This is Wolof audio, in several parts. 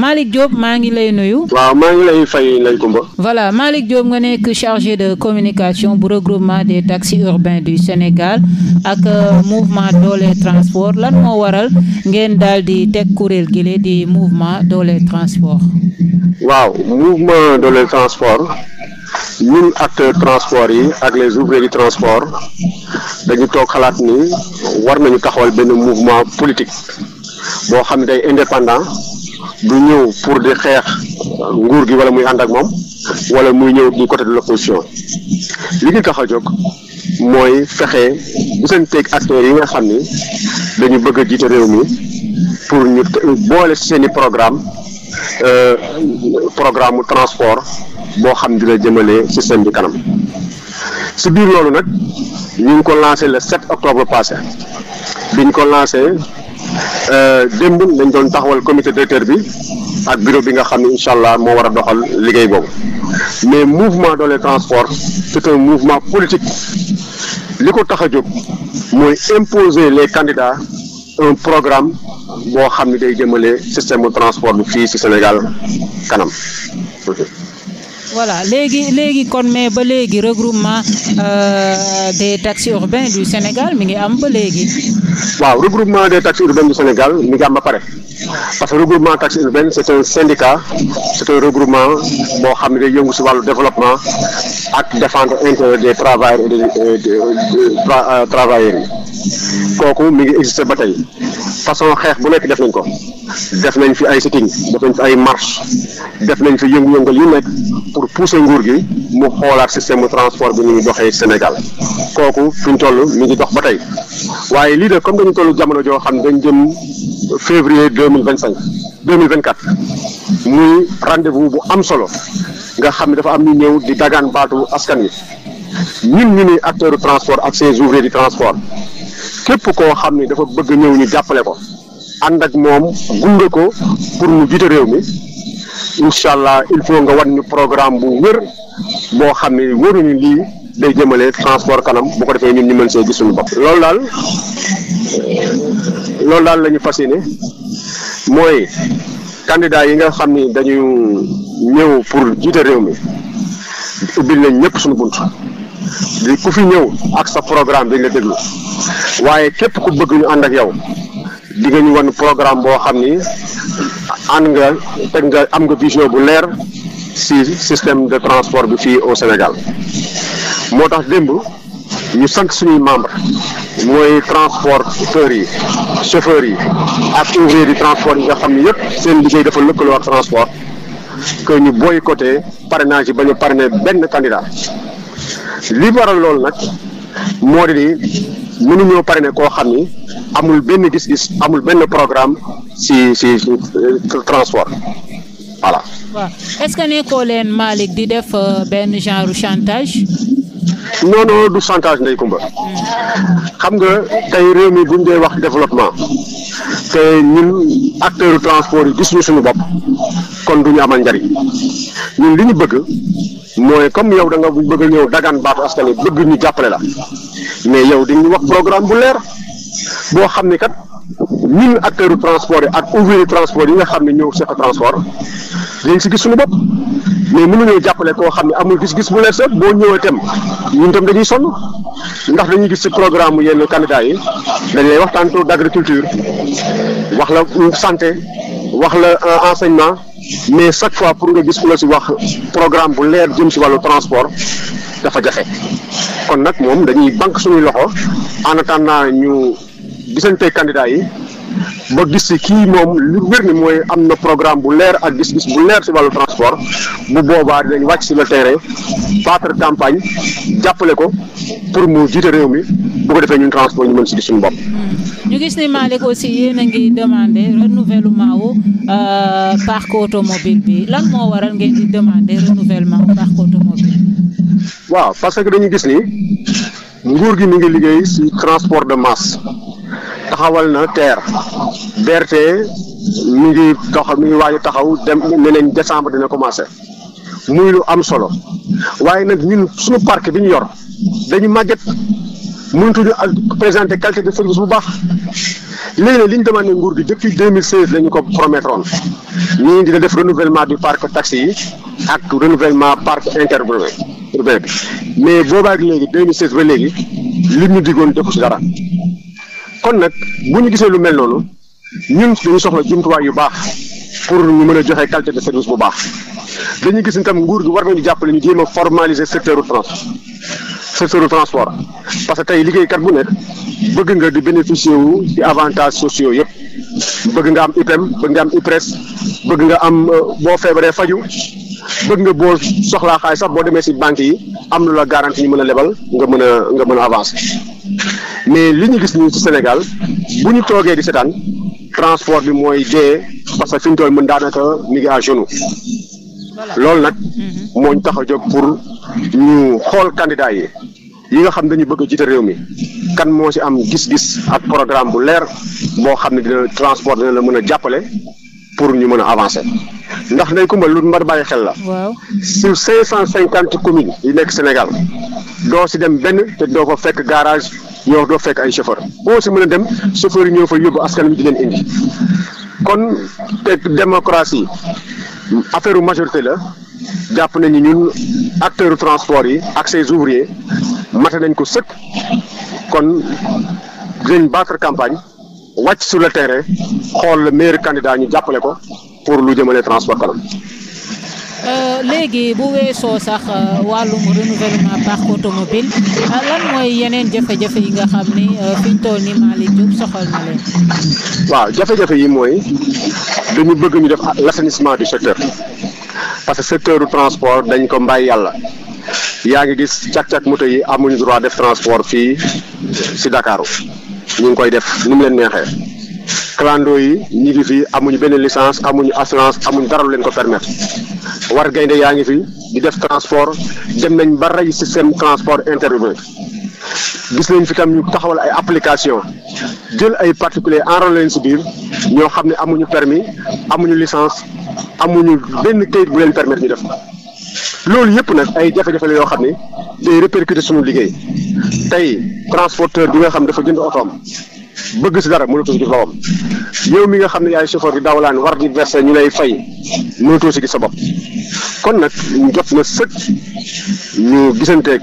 Malick Diop maa ngi lay nuyu. waaw maa ngi lay fay Ndeye Comba. voilà Malick Diop nga nekk chargé de communication bu regroupement des taxis urbains du Sénégal ak euh, mouvement doole transport lan moo waral ngeen daal di teg kuréel gi di mouvement doole transport. waaw mouvement doole transport ñun acteurs transport yi ak les ouvriers du transport dañu toog xalaat ni war nañu taxawal benn mouvement politique boo xam ne day indépendant. du ñëw pour di xeex nguur gi wala muy ànd ak moom wala muy ñëw du côté de l'opposition li ñu tax a jóg mooy fexe bu seen acteurs yi nga xam ni dañu bëgg a jiite réew mi pour ñu boole seen i programme euh, programme transport boo xam dina si seen bi kanam si biir loolu nag ñu ngi ko lancé le 7 octobre passé biñ ko lancé. Euh, démb nañ doon taxawal comité directeur bi ak bureau bi nga xam ne incha allah moo war a doxal liggéey boobu mais mouvement dans les transports c'est un mouvement politique li ko tax a jóg mooy imposer les candidats un programme boo xam ne day jëmale système de transport bi fii ci Sénégal kanam. voilà léegi léegi kon mais ba léegi regroupement euh, des taxis urbains du Sénégal mi ngi am ba léegi. waaw regroupement de taxis urbains du Sénégal mu ngi am ba pare parce que regroupement taxis urbains c' est un syndicat c' un regroupement boo xam ne day yëngu si wàllu développement ak défendre intérêt des travailleurs et des euh, euh, yi kooku mi ngi existé ba tey. façon xeex bu nekk def nañ ko def nañ fi ay sitting def nañ fi ay marche def nañ fi yëngu-yëngal yu nekk pour pousser nguur gi mu xoolaat système transport bi ñuy doxee Sénégal kooku fi ñu toll mi ngi dox ba tey waaye lii de comme dañu toll jamono joo xam ne dañ jëm février deux mille vingt cinq deux mille vingt quatre muy rendez-vous bu am solo nga xam ne dafa am ñu ñëw di dagaan baatu askan wi ñun ñu ni acteur transport ak ses ouvriers di transport. képp koo xam ni dafa bëgg ñëw ñu jàppale ko ànd ak moom gunge ko pour mu jiite réew mi incha allah il faut nga wan ñu programme bu wër boo xam ne wëru ni lii day jëmale transport kanam bu ko defee ñun ñu man see gis suñu bopp. loolu daal loolu daal lañu ñu yéene mooy candidat yi nga xam ni dañuy ñëw pour jiite réew mi ubbil nañ ñëpp suñu bunt di ku fi ñëw ak sa programme dañ la déglu. waaye képp ku bëgg ñu ànd ak yow di nga ñu wan programme boo xam ni ànd nga teg nga am nga vision bu leer ci système de transport bi fi au Sénégal moo tax démb ñu sant suñuy membre mooy transporteurs yi chauffeurs yi ak ouvrier du transport yi nga xam ni yëpp seen liggéey dafa lëkkaloo ak transport que ñu boycotté parrainage yi ba ñu parrainé benn candidat li waral loolu nag moo di mënuñoo parrainer koo xam ni amul benn gis-gis amul benn programme si si transport voilà. waaw est-ce que nekkoo leen Malick di def euh, benn genre chantage. non non du chantage Ndeye Comba xam nga tey réew mi bu ñu dee wax développement te ñun acteurs transport yi gis ñu suñu bopp kon du ñu amal njariñ ñun li ñu bëgg mooy comme yow da nga bëgg ñëw dagaan baatu askan wi bëgg ñu jàppale la. mais yow di ñu wax programme bu leer boo xam ne kat ñun acteur transport yi ak ouvrier transport yi nga xam ne ñëw seq transport dañ si gis suñu bopp mais mënuñoo jàppale koo xam ne amul gis-gis bu leer sax boo ñëwee itam ñun tam dañuy sonn ndax dañuy gis si programme yenn candidats yi dañ lay wax tantôt d' agriculture wax la santé wax la euh, enseignement mais chaque fois pour nga gis ku la si wax programme bu leer jëm si wàllu transport dafa jafe kon nag moom dañuy banque suñuy loxo en attendant ñu gisante candidat yi ba gis si kii moom lu wér ni mooy am na programme bu leer ak gis-gis bu leer si wàllu transport bu boobaa dañu wàcc si le terrain battre campagne jàppale ko pour mu jiite réew mi bu defee ñu transport ñu mën si gis suñu bopp. Hmm. ñu gis ni Malick aussi yéen a ngi demandé renouvellement wu euh, parc automobile bi lan moo waral ngeen di demandé renouvellement parc automobile waaw parce que dañu gis ni nguur gi mi ngi liggéey ci transport de masse taxawal na TER BRT mi ngi dox mi ngi waaj taxaw dem ne leen décembre dina commencé muy lu am solo waaye nag ñun suñu parc bi ñu yor dañu màgget ak présenter qualité de service bu baax léegi nag li ñu demandé nguur gi depuis 2016 la ñu ko promettoon ñii dina def renouvellement du parc taxi yi ak renouvellement parc interurbain. urbain bi mais boobaak léegi 2016 ba léegi lit ñu digoon defu si dara kon nag bu ñu gisee lu mel noonu ñun dañu soxla jumtuwaay yu baax pour ñu mën a joxe qualité de service bu baax dañu gis ni tam nguur gi war nañu jàppale ñu jéem a formaliser secteur transport secteur transport parce que tey liggéeykat bu nekk bëgg nga di bénéficier wu ci avantages sociaux yëpp bëgg nga am IPM e bëgg nga am IPRES bëgg nga am euh, boo feebaree faju bëgg nga boo soxlaa xaalis sax boo demee si banque yi am na la garantie ñu mën a lebal nga mën a nga mën a avancer mais li ñu gis nii ci Sénégal bu ñu toogee di setaan transport bi mooy dee parce que fi ñu mën daanaka mi ngi loolu nag mhm. moo ñu tax a jóg pour ñu xool candidat yi yi nga xam ne dañu bëgg a jiite réew mi kan moo ci am gis-gis ak programme bu leer boo xam ne dina transport dina la mën a jàppale pour ñu mën a avancer. ndax day kumbal lu mbar bàyyi xel la. waaw sur cinq cent cinquante communes yi nekk Sénégal doo si dem benn te doo fa fekk garage yow doo fekk ay chauffeur boo si mën a dem chauffeur yi ñoo fa yóbbu askan wi di leen indi kon teg démocratie affaire majorité la jàpp nañu ñun acteurs transport yi ak ses ouvriers mate nañ ko sëkk kon dinañ battre campagne. wàcc su le terrain xool la meilleur candidat ñu jàppale ko pour lu jëmale transport kanam. Euh, léegi bu weesoo sax euh, wàllum renouvellement parc automobile euh, lan mooy yeneen jafe-jafe yi nga xam ni fi ñu toll nii Malick Diop soxal leen. waaw jafe-jafe yi mooy dañu bëgg ñu def l'assainissement du secteur parce que secteur du transport dañ ko mbay yàlla yaa ngi gis càq-càq moto yi amuñu droit def transport fii si Dakar. ñu ngi koy def nu mu leen neexee clando yi ñu ngi fii amuñu benn licence amuñu assurance amuñu dara lu leen ko permettre war gaynde yaa ngi fi di def transport dem nañ ba rey système transport interurbain gis nañ fi tam ñu taxawal ay application jël ay particulier enrôlé leen si biir ñoo xam ne amuñu permis amuñu licence amuñu benn kayit bu leen permettre ñu def loolu yëpp nag ay jafe-jafe la yoo xam ne day répercuté suñu liggéey tey transporteur bi nga xam dafa jënd otoom bëgg si dara mënatoo si gis boppam yow mi nga xam ne yaay chauffeur bi daawalaan war di verser ñu lay fay mënatoo si gis sa bopp kon nag ñu jot na sëkk ñu gisanteeg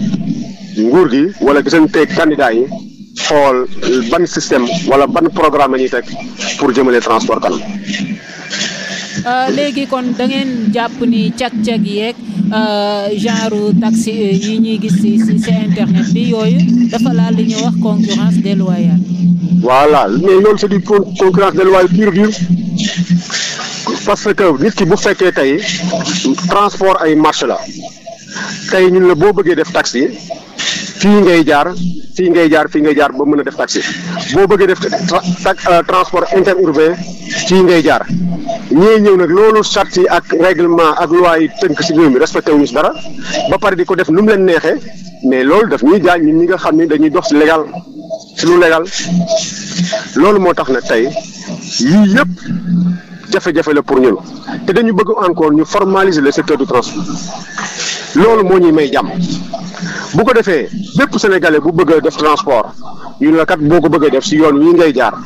nguur gi wala gisanteeg candidat yi xool ban système wala ban programme la ñuy teg pour jëmale transport kanam. Euh, léegi kon da jàpp ni cag-cag yeeg. Euh, genre taxi euh, yi ñuy gis ci ci internet bi yooyu dafa laal li ñuy wax concurrence déloyale. voilà mais loolu c'est du concurrence déloyale pure dure parce que nit ki bu fekkee tey transport ay marche la tey ñun la boo bëggee def taxi fii ngay jaar fii ngay jaar fii ngay jaar ba mën a def taxi boo bëggee def euh, transport interurbain fii ngay jaar. ñii ñëw nag loolu charte yi ak règlement ak loi yi tënk si réew mi respecté wuñu si dara ba pare di ko def nu mu leen neexee mais loolu daf ñuy gaañ ñun ñi nga xam ni dañuy dox si légal si lu légal loolu moo tax nag tey yii yëpp jafe-jafe la pour ñun te dañu bëgg encore ñu formaliser le secteur du transport loolu moo ñuy may jàmm bu ko defee bépp sénégalais bu bëgg a def transport ñu ne la kat boo ko bëggee def si yoon wi ngay jaar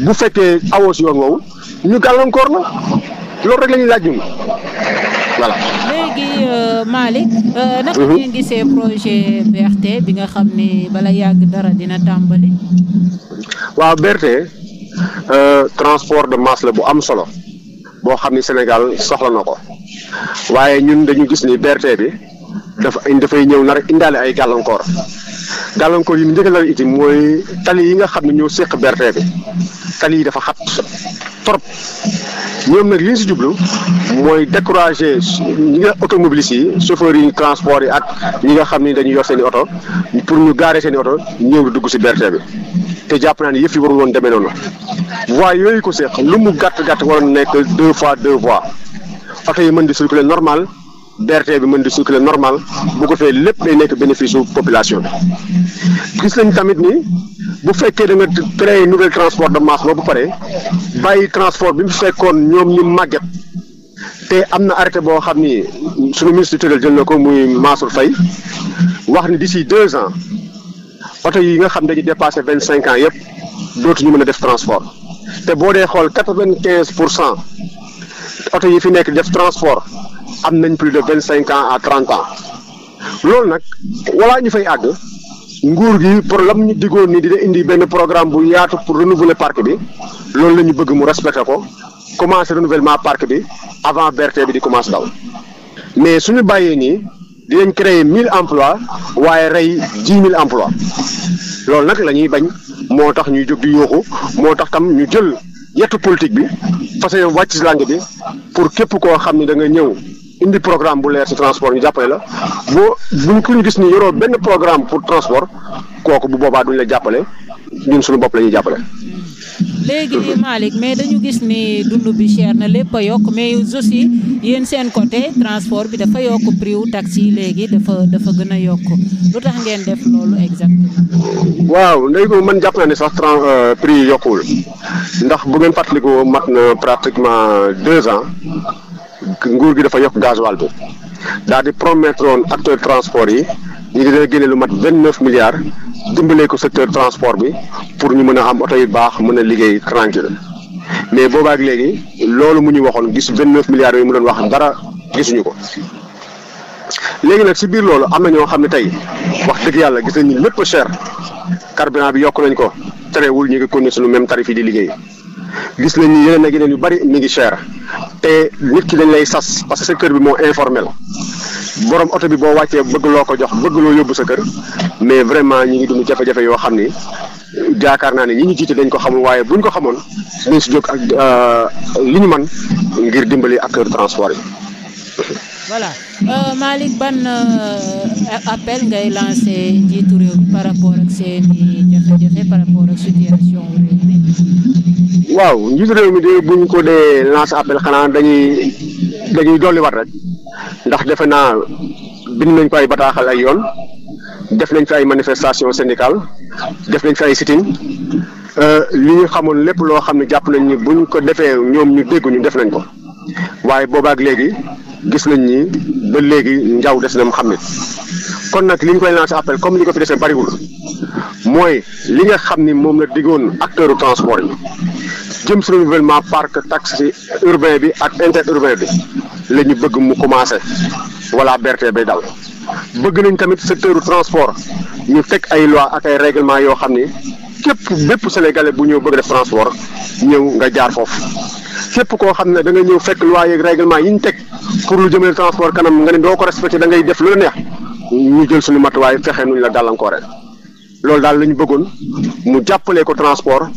bu fekkee awoo si yoon woowu. ñu gàllankoor na loolu rek la ñuy laaj ñun voilà. léegi euh, Malick. Euh, naka mhm. ngeen gisee projet BRT bi nga xam ne bala yàgg dara dina tàmbali. waaw BRT euh, transport de masse la bu am solo boo xam ni Sénégal soxla na ko waaye ñun dañu gis ni berte bi dafa dafay ñëw nar indaale ay gàllankoor gàllankoor yi ñu njëkk a nar itam mooy tali yi nga xam ne ñoo séq berte bi tali yi dafa xat. trop ñoom nag li si jublu mooy décourager ñi nga automobilistes yi chauffeurs yi transport yi ak ñi nga xam ni dañuy yor seen i oto pour ñu gaaree seen i oto ñëw dugg si BRT bi te jàpp naa ni yëf yi warul woon demee noonu voies yooyu ko seq lu mu gàtt gàtt waroon nekk deux fois deux voies oto yi mën di circuler normal. BRT bi mën di circuler normal bu ko fee lépp day nekk bénéfice su population bi gis nañ tamit ni bu fekkee da nga créé transport de masse ba bu pare bàyyi transport bi mu fekkoon ñoom ñu màgget te am na arrêté boo xam ni suñu ministre tutelle jël na ko muy Mansour Faye wax ni si deux ans oto yi nga xam dañuy dépassé vingt cinq ans yëpp dootuñu mën a def transport te boo dee xool quatre vingt quinze pour cent oto yi fi nekk def transport am nañ plus de vingt cinq ans à trente ans loolu nag walaa ñu fay àgg. nguur gi pour lam ñu diggoon nii dina indi benn programme bu yaatu pour renouveler parc bi loolu la ñu bëgg mu respecté ko commencé renouvellement parc bi avant BRT bi di commencé daw mais suñu bàyyee nii dinañ créer mille emplois waaye rey dix mille emplois loolu nag la ñuy bañ moo tax ñuy jóg di yooxu moo tax tam ñu jël yettu politique bi façon wàcc si langue bi pour képp koo xam ni da nga ñëw indi programme bu leer ci transport ñu jàppale la boo buñ ko ñu gis ni yoroo benn programme pour transport kooku bu boobaa duñ la jàppale ñun suñu bopp la ñuy jàppale. léegi nii Malick mais dañu gis ni dund bi cher na lépp a yokk mais aussi yéen seen côté transport bi dafa yokk prix wu taxi léegi dafa dafa gën a yokk lu tax ngeen def loolu exactement. waaw léegi man jàpp naa ne sax trans euh, prix yi yokkuwul ndax bu ngeen fàttalikoo mat na pratiquement deux ans. nguur gi dafa yokk gasoil bi daal di promettre woon acteur transport yi ñu ngi dina génne lu mat vingt neuf milliards dimbalee ko secteur transport bi pour ñu mën a am oto yu baax mën a liggéey tranquille mais boobaak léegi loolu mu ñu waxoon gis vingt neuf milliards yooyu mu doon wax dara gisuñu ko léegi nag ci biir loolu am na ñoo xam ne tey wax dëgg yàlla gis nañu lépp cher carburant bi yokk nañ ko terewul ñu ngi continuer suñu même tarif yi di liggéey gis nañu yeneen ak yeneen yu bari mi ngi cher te nit ki dañ lay sas parce que sa kër bi moo informel borom oto bi boo wàccee bëgg loo ko jox bëgg loo yóbbu sa kër mais vraiment ñi ngi dund jafe-jafe yoo xam ni jaakaar naa ne ñi ñu jiite dañ ko xamul waaye buñ ko xamoon dañ si jóg ak euh, li ñu man ngir dimbali acteur transport yi. voilà euh, euh, waaw njiitu réew mi de bu ñu ko dee lancer appel xanaa dañuy dañuy dolliwaat rek ndax defe naa bind nañ ko ay bataaxal ay yoon def nañ fi ay manifestation syndicale def nañ fi ay sitin euh, li ñu xamoon lépp loo xam ne jàpp nañ ni buñ ko defee ñoom ñu dégg ñu def nañ ko waaye boobaak léegi gis nañ ni ba léegi njaw des na mu xam ne kon nag li ñu koy lancer appel comme li ko fi desee bariwul mooy li nga xam ni moom la diggoon acteur transport yi jëm si renouvellement parc taxi urbain bi ak interurbain bi la ñu bëgg mu commencé wala berte bay dal bëgg nañ tamit secteur transport ñu fekk ay loi ak ay règlement yoo xam ni képp bépp sénégalais bu ñëw bëgg def transport ñëw nga jaar foofu képp koo xam ne da nga ñëw fekk loi yeeg règlement yi ñu teg pour lu jëmale transport kanam nga ne doo ko respecté dangay def lu la neex ñu jël suñu matuwaay fexe nuñ la gàllankoore loolu daal la ñu bëggoon mu jàppale ko transport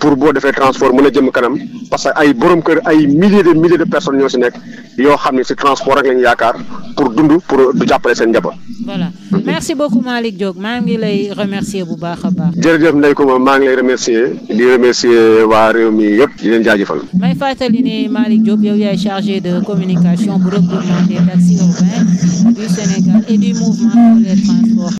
pour boo defee transport mën a jëm kanam parce que ay borom kër ay milliers de milliers de personnes ñoo si nekk yoo xam ne si transport rek la ñu yaakaar pour dund pour du jàppale seen njaboot. voilà merci beaucoup Malick Diop maa ngi lay remercier bu baax a baax. jërëjëf Ndeye Coumba maa ngi lay remercier di remercier waa réew mi yëpp di leen jaajëfal. may fàttali ni Malick Diop yow yaay chargé de communication bu